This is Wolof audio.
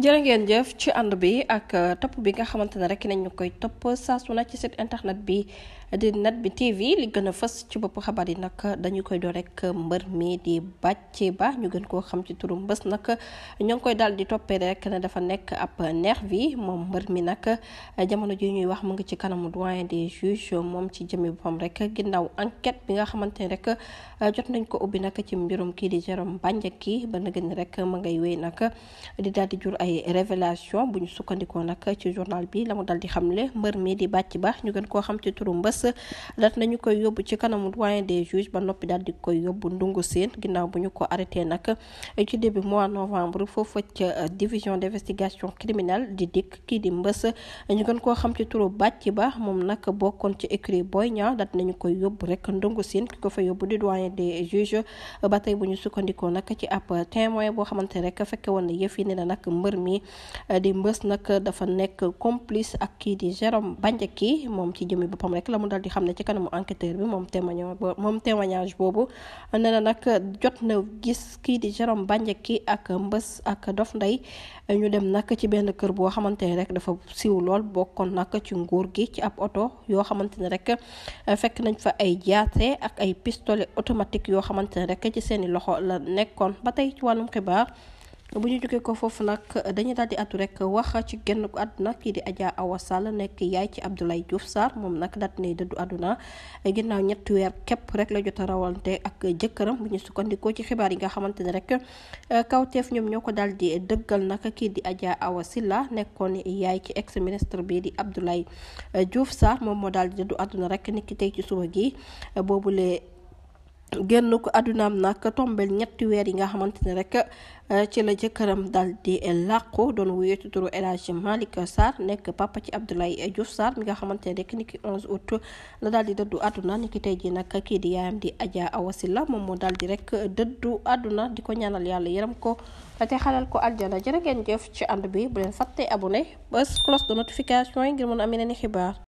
jërë ngeen jëf ci ànd bi ak euh, topp bi nga xamante ne rek nañu koy topp saa su ci site internet bi di net bi TV li gën a fës ci bopp xabar yi nag dañu koy doo rek mbër mi di Bathie Ba ñu gën koo xam ci turu Mbeuss nag ñoo ngi koy daal di toppee rek ne dafa nekk ab nervi moom mbër mi nag jamono ji ñuy wax mu ngi ci kanamu doyen des juges moom ci jëmmi boppam rek ginnaaw enquête bi nga xamante ne rek jot nañ ko ubbi nag ci mbirum kii di Jérôme Bandiaky ba nag ni rek ma ngay wéy nag di daal jur ay révélation bu ñu sukkandikoo nag ci journal bi la mu dal di xamle mbër mi di bàcc ba ñu gën koo xam ci turu mbës dat nañu koy yóbbu ci kanamu doyen des juges ba noppi daal di koy yóbbu ndungu bu ñu ko arrêté nag ci début mois novembre foofa ca division d'investigation criminelle di dikk kii di mbës ñu gën koo xam ci turu bàcc ba moom nag bokkoon ci écrit Boy Niang dat nañu koy yóbbu rek ndungu seen ki ko fa yóbbu di doyen des juges ba tey bu ñu sukkandikoo nag ci ab témoin boo xamante rek fekke woon na na nag mbër mbër mi eh, di mbës nag dafa nekk complice ak kii di Jérôme Bandiaky moom ci jëmi boppam rek la mu dal di xam ne ci kanamu enquêteur bi moom témoignage moom témoignage boobu nee na nag jot na gis kii di Jérôme Bandiaky ak mbës ak Dof Ndeye eh, ñu dem nag ci benn kër boo xamante ne rek dafa siw lool bokkoon nag ci nguur gi ci ab oto yoo xamante ne rek eh, fekk nañ fa ay jaase ak ay pistolet automatique yoo xamante ne rek ci seeni loxo la nekkoon ba tey ci xibaar bu ñu jógee ko foofu nag dañu daal di àddu rek wax ci génn ko àdduna kii di Adja Awa Sall nekk yaay ci Abdoulaye Diouf saar moom nag daal di àdduna ginnaaw ñetti weer képp rek la jot rawante ak jëkkëram bu ñu sukkandikoo ci xibaar yi nga xamante ne rek kawteef ñoom ñoo ko daal di dëggal nag kii di Adja Awa Silla nekkoon yaay ci ex ministre bi di Abdoulaye Diouf Sarr moom moo daal di dëddu àdduna rek niki tey ci suba gi boobule. génn ko àddunaam nag tombel ñetti weer yi nga xamante ne rek eh, ci la jëkkëram dal di làqu doon wuyu ci turu El Hadj nekk papa ci Abdoulaye Diouf Sarr mi nga xamante ne rek ni ki 11 août la daal di dëddu àdduna ni ki tey ji nag kii di yaayam di Adja Awa Sylla moom moo daal di rek dëddu àdduna di ko ñaanal yàlla yërëm ko te xalal ko aljana jërë ngeen jëf ci ànd bi bu leen fàtte abonné bés cloche de notification yi ngir mën a am xibaar